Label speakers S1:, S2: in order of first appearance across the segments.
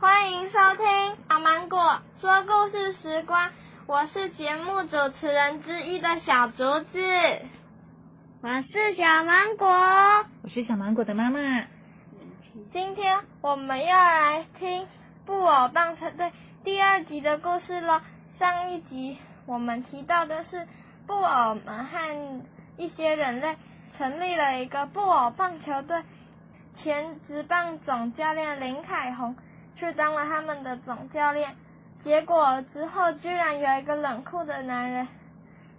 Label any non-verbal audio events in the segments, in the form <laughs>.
S1: 歡迎收聽《小芒果說故事時光》，我是節目主持人之一的小竹子，我是小芒果，我是小芒果的媽媽。今天我們要來聽布偶棒球隊第二集的故事嘍。上一集我們提到的是布偶們和一些人類成立了一個布偶棒球隊，前職棒總教練林凱宏。去當了他們的總教練，結果之後居然有一個冷酷的男人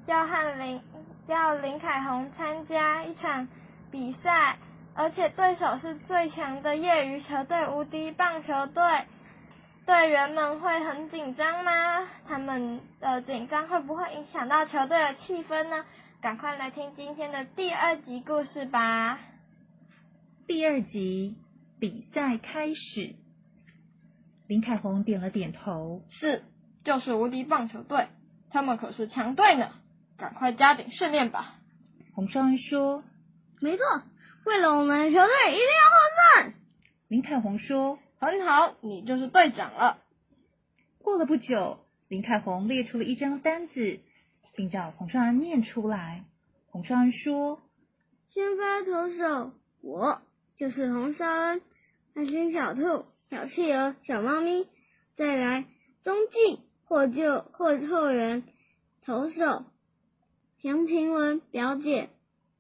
S1: 要和林要林凱宏參加一場比賽，而且對手是最強的業餘球隊無敵棒球隊，隊員們會很緊張嗎？他們的緊張會不會影響到球隊的氣氛呢？趕快來聽今天的第二集故事吧。
S2: 第二集，比賽開始。林凱宏點了點頭，
S1: 是，就是無敵棒球隊，他們可是強隊呢，趕快加緊訓練吧。洪少恩說，沒錯，為了我們球隊，一定要獲勝。林凱宏說，很好，好，你就是隊長了。
S2: 過了不久，林凱宏列出了一張單子，並叫洪少恩念出來。洪少恩說，
S1: 先發投手，我就是洪少恩，愛心小兔、小企鵝，小貓咪，再來中繼或救或後援，投手楊晴雯表姐，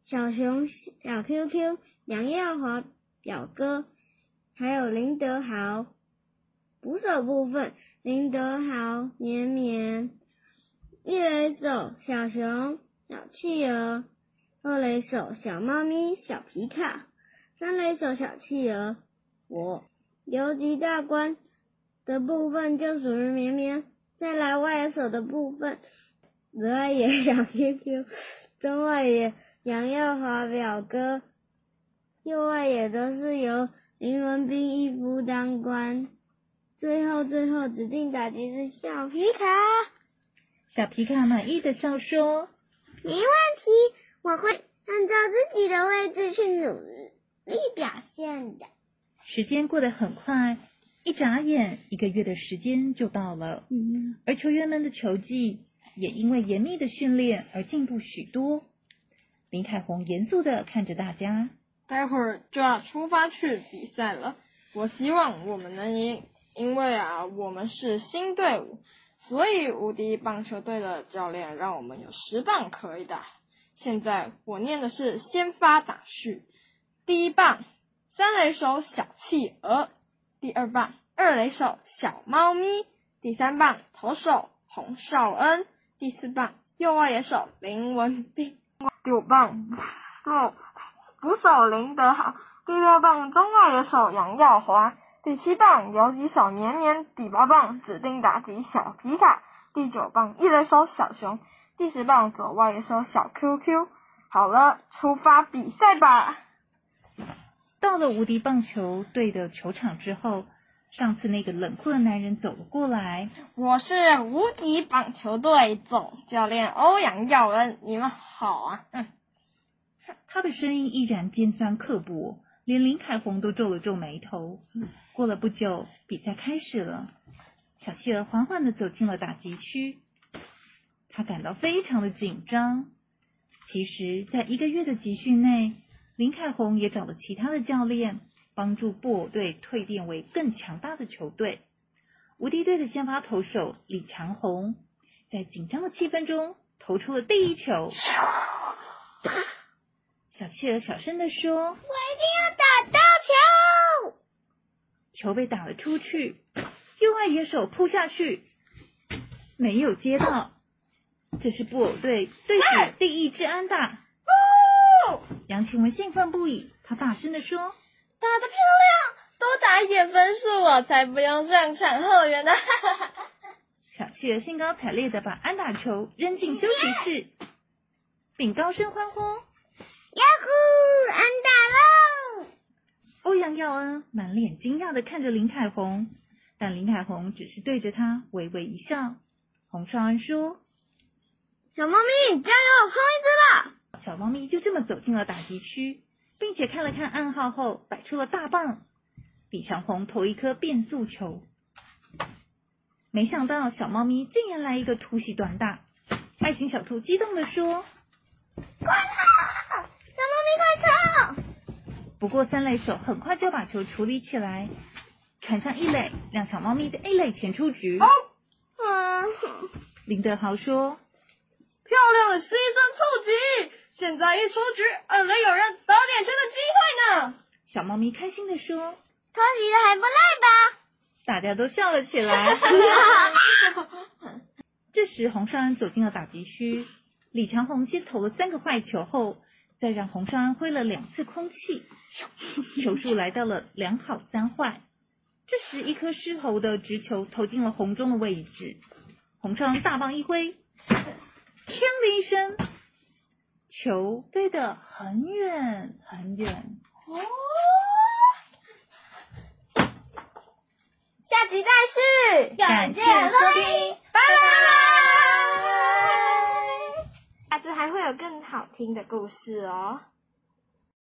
S1: 小熊小 Q Q 梁耀華表哥，還有林德豪。捕手部分林德豪綿綿，一壘手小熊小企鵝，二壘手小貓咪小皮卡，三壘手小企鵝我。游擊大官的部分就屬於綿綿，再來外野手的部分，左外野楊 Q Q，中外野楊耀華表哥，右外野都是由林文斌一夫當關，最後，最後指定打擊是小皮卡。
S2: 小皮卡滿意的笑說：“
S1: 沒問題，我會按照自己的位置去努力表現的。”
S2: 時間過得很快，一眨眼一個月的時間就到
S1: 了。
S2: 嗯。而球員們的球技也因為嚴密的訓練而進步許多。林凱宏嚴肅地看着大家。
S1: 待會兒就要出發去比賽了，我希望我們能贏，因為啊，我們是新隊伍，所以無敵棒球隊的教練讓我們有十棒可以打。現在我念的是先發打序，第一棒。三壘手小企鵝，第二棒二壘手小貓咪，第三棒投手洪少恩，第四棒右外野手林文斌，第五棒捕、哦、捕手林德好，第六棒中外野手楊耀華，第七棒游擊手綿綿，第八棒指定打擊小皮卡，第九棒一壘手小熊，第十棒左外野手小 Q Q，好了，出發比賽吧。到了無敵棒球隊的球場之後，上次那個冷酷的男人走了過來。我是無敵棒球隊總教練歐陽耀文，你們好啊。嗯。
S2: 他的聲音依然尖酸刻薄，連林凱紅都皺了皺眉頭。過了不久，比賽開始了。小謝緩緩的走進了打擊區，他感到非常的緊張。其實，在一個月的集訓內。林凱宏也找了其他的教練，幫助布偶隊蛻變為更強大的球隊。無敵隊的先發投手李強紅在緊張的氣氛中投出了第一球。小企鵝小聲地說：“
S1: 我一定要打到球。”
S2: 球被打了出去，右外野手撲下去，沒有接到。這是布偶隊對手的第一支安打。哎楊晴雯興奮不已，她大聲的說：“
S1: 打得漂亮，
S2: 多打一點分數，我才不用上場後援呢！” <laughs> 小七兒興高采烈的把安打球扔進休息室，並高聲歡呼：“
S1: 呀呼，安打嘍！”
S2: 歐陽耀恩滿臉驚訝的看着林凱虹，但林凱虹只是對着他微微一笑。紅穿說。
S1: 小貓咪加油，衝一支吧！
S2: 小貓咪就這麼走進了打擊區，並且看了看暗號後，擺出了大棒。李強紅，投一顆變速球，沒想到小貓咪竟然來一個突襲短打。愛情小兔激動地說：“快
S1: 跑！小貓咪快跑！”
S2: 不過三壘手很快就把球處理起來，傳向一壘，讓小貓咪的一壘前出局。哦！啊！林德豪說：“
S1: 漂亮的犧牲觸擊現在一出局，還能有人打點球的機會呢。
S2: 小貓咪開心
S1: 的說：“投球的還不賴吧？”
S2: 大家都笑了起來。
S1: <laughs> <laughs> <laughs> 這
S2: 時，紅雙安走進了打擊區。李強紅先投了三個壞球後，後再讓紅雙安揮了兩次空氣，球數來到了兩好三壞。這時，一顆失投的直球投進了紅中的位置。紅雙安大棒一揮，砰的一聲。球飛得很遠很遠
S1: 哦！下集再續，感謝收聽，拜拜！下次、啊、還會有更好聽的故事哦。